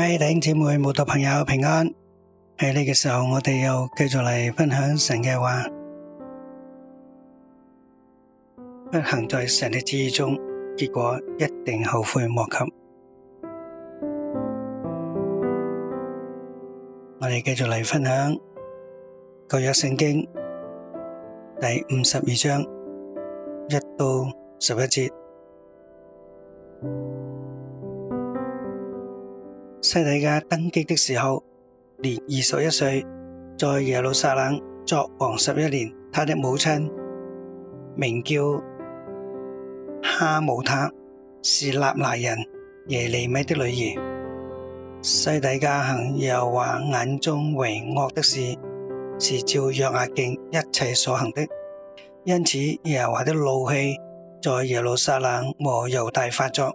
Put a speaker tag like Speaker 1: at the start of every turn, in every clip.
Speaker 1: 各位弟兄姊妹、信徒朋友平安，喺呢個時候我哋又繼續嚟分享神嘅話，不行在神嘅旨意中，結果一定後悔莫及。我哋繼續嚟分享舊約聖經第五十二章一到十一節。西底家登基的時候，年二十一歲，在耶路撒冷作王十一年。他的母親名叫哈姆塔，是納拿人耶利米的女兒。西底家行耶和華眼中為惡的事，是照約雅敬一切所行的，因此耶和華的怒氣在耶路撒冷和猶大發作。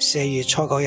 Speaker 1: 四月初九日，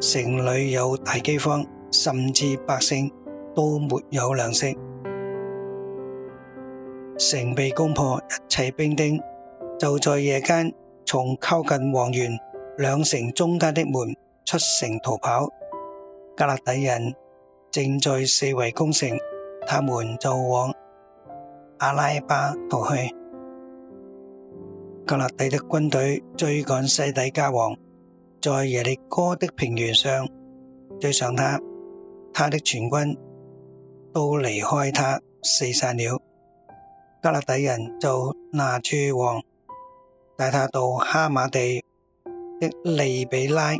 Speaker 1: 城裏有大饑荒，甚至百姓都沒有糧食。城被攻破，一切兵丁就在夜間從靠近王園兩城中間的門出城逃跑。迦勒底人正在四圍攻城，他們就往阿拉巴逃去。迦勒底的軍隊追趕西底家王。在耶利哥的平原上追上他，他的全軍都離開他四散了。加勒底人就拿住王，帶他到哈馬地的利比拉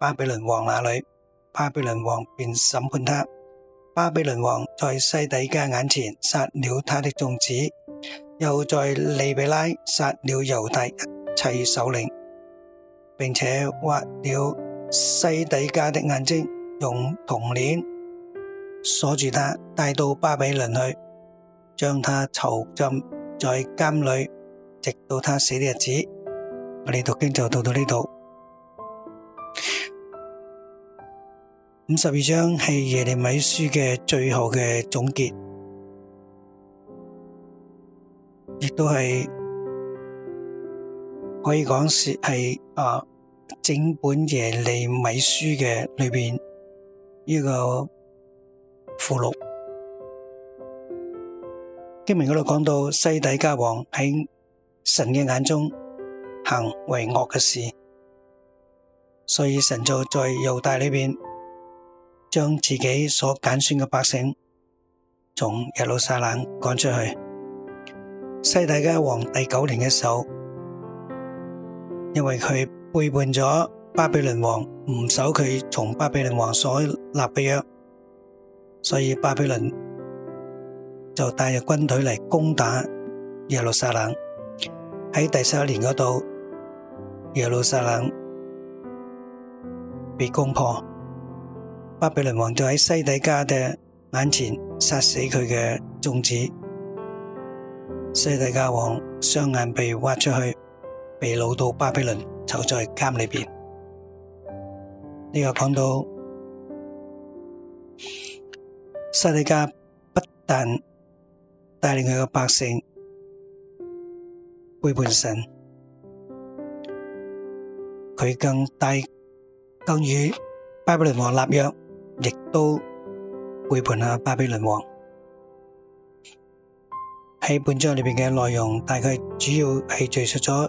Speaker 1: 巴比倫王那裏，巴比倫王便審判他。巴比倫王在西底家眼前殺了他的眾子，又在利比拉殺了猶大一切首領。並且挖了西底家的眼睛，用銅鏈鎖住他，帶到巴比倫去，將他囚禁在監裏，直到他死的日子。我哋讀經就讀到呢度，五十二章係耶利米書嘅最後嘅總結，亦都係。可以講是係啊，整本耶利米書嘅裏邊呢個附錄，經文嗰度講到西底家王喺神嘅眼中行為惡嘅事，所以神就喺猶大裏邊將自己所揀選嘅百姓從耶路撒冷趕出去。西底家王第九年嘅時候，因為佢背叛咗巴比倫王，唔守佢從巴比倫王所立嘅約，所以巴比倫就帶住軍隊嚟攻打耶路撒冷。喺第三年嗰度，耶路撒冷被攻破，巴比倫王就喺西底家嘅眼前殺死佢嘅眾子，西底家王雙眼被挖出去。被擄到巴比倫，囚在監裏邊。呢個講到，撒利加不但帶領佢嘅百姓背叛神，佢更帶更與巴比倫王立約，亦都背叛啊巴比倫王。喺本章裏邊嘅內容，大概主要係敘述咗。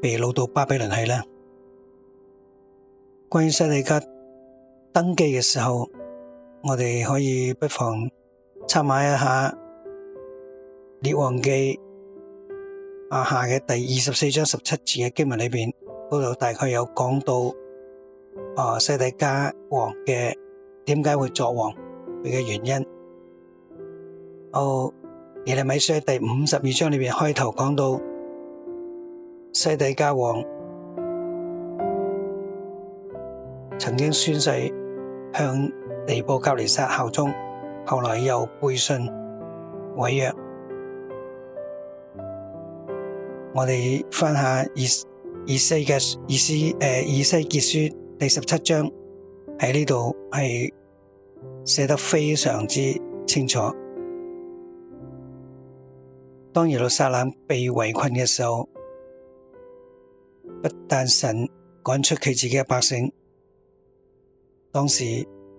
Speaker 1: 被擄到巴比倫去咧。關於西底家登基嘅時候，我哋可以不妨參考一下《列王記》阿、啊、下嘅第二十四章十七節嘅經文裏邊，嗰度大概有講到啊西底家王嘅點解會作王，佢嘅原因。哦，耶利米書第五十二章裏邊開頭講到。西底家王曾經宣誓向尼布甲尼撒效忠，後來又背信毀約。我哋翻下以西嘅以西誒以西結書第十七章，喺呢度係寫得非常之清楚。當耶路撒冷被圍困嘅時候。不但神趕出佢自己嘅百姓，當時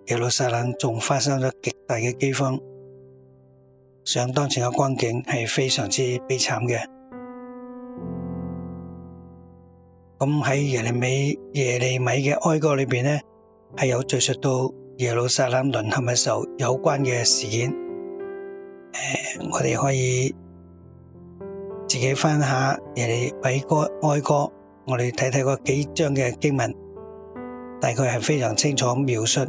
Speaker 1: 耶路撒冷仲發生咗極大嘅饑荒，想當前嘅光景係非常之悲慘嘅。咁喺耶利米，耶利米嘅哀歌裏邊呢，係有敘述到耶路撒冷淪陷嘅時候有關嘅事件。呃、我哋可以自己翻下耶利米嘅哀歌。我哋睇睇嗰幾張嘅經文，大概係非常清楚描述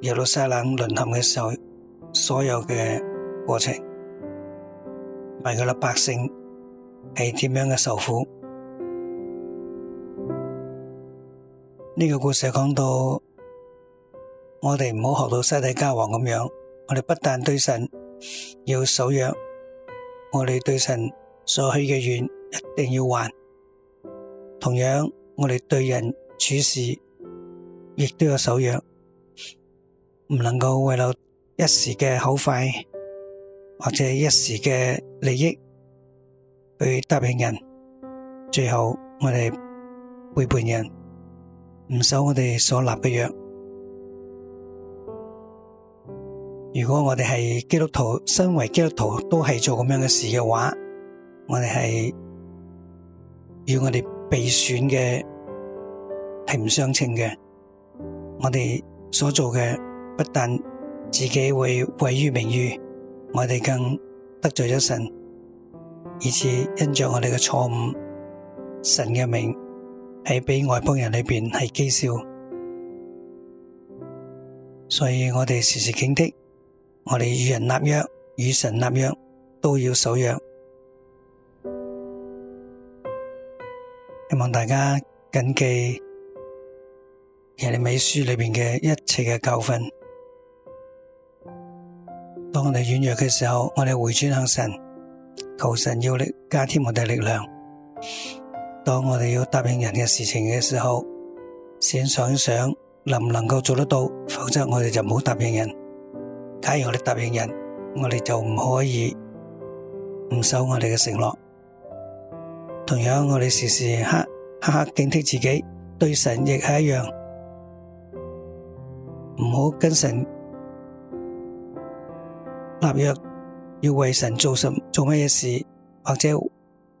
Speaker 1: 耶路撒冷淪陷嘅時候所有嘅過程，埋佢哋百姓係點樣嘅受苦。呢個故事講到我哋唔好學到西底家王咁樣，我哋不但對神要守約，我哋對神所許嘅願一定要還。同樣，我哋對人處事亦都有守約，唔能夠為咗一時嘅口快或者一時嘅利益去答應人，最後我哋背叛人，唔守我哋所立嘅約。如果我哋係基督徒，身為基督徒都係做咁樣嘅事嘅話，我哋係要我哋。被選嘅係唔相稱嘅，我哋所做嘅不但自己會毀於名譽，我哋更得罪咗神，而且因着我哋嘅錯誤，神嘅名係俾外邦人裏邊係譏笑，所以我哋時時警惕，我哋與人立約、與神立約都要守約。希望大家謹記《耶利米書》裏邊嘅一切嘅教訓。當我哋軟弱嘅時候，我哋回轉向神，求神要力加添我哋力量。當我哋要答應人嘅事情嘅時候，先想想能唔能夠做得到，否則我哋就唔好答應人。假如我哋答應人，我哋就唔可以唔守我哋嘅承諾。同樣，我哋時時刻刻刻警惕自己，對神亦係一樣，唔好跟神立約，要為神做什做乜嘢事，或者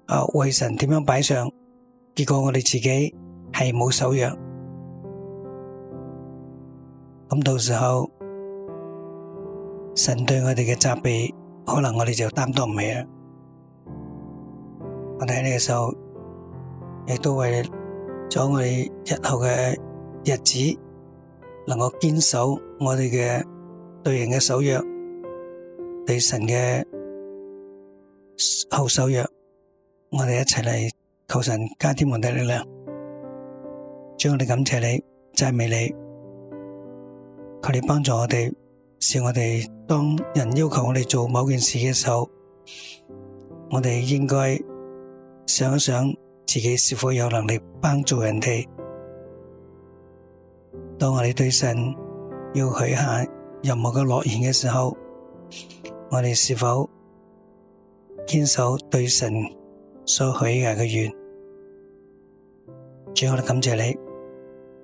Speaker 1: 啊為神點樣擺上，結果我哋自己係冇守約，咁到時候神對我哋嘅責備，可能我哋就擔當唔起啦。我哋喺呢個時候，亦都為咗我哋日後嘅日子，能夠堅守我哋嘅對人嘅守約，對神嘅後守約，我哋一齊嚟，求神加天門嘅力量。將我哋感謝你，讚美你，佢哋幫助我哋，使我哋當人要求我哋做某件事嘅時候，我哋應該。想一想自己是否有能力幫助人哋？當我哋對神要許下任何嘅諾言嘅時候，我哋是否堅守對神所許嘅個願？最後嚟感謝你，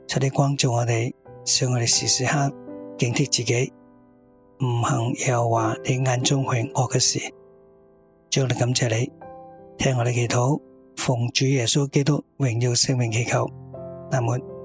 Speaker 1: 出啲關照我哋，使我哋時時刻警惕自己，唔幸又話你眼中係惡嘅事。最後嚟感謝你。聽我哋祈禱，奉主耶穌基督榮耀聖名祈求，阿門。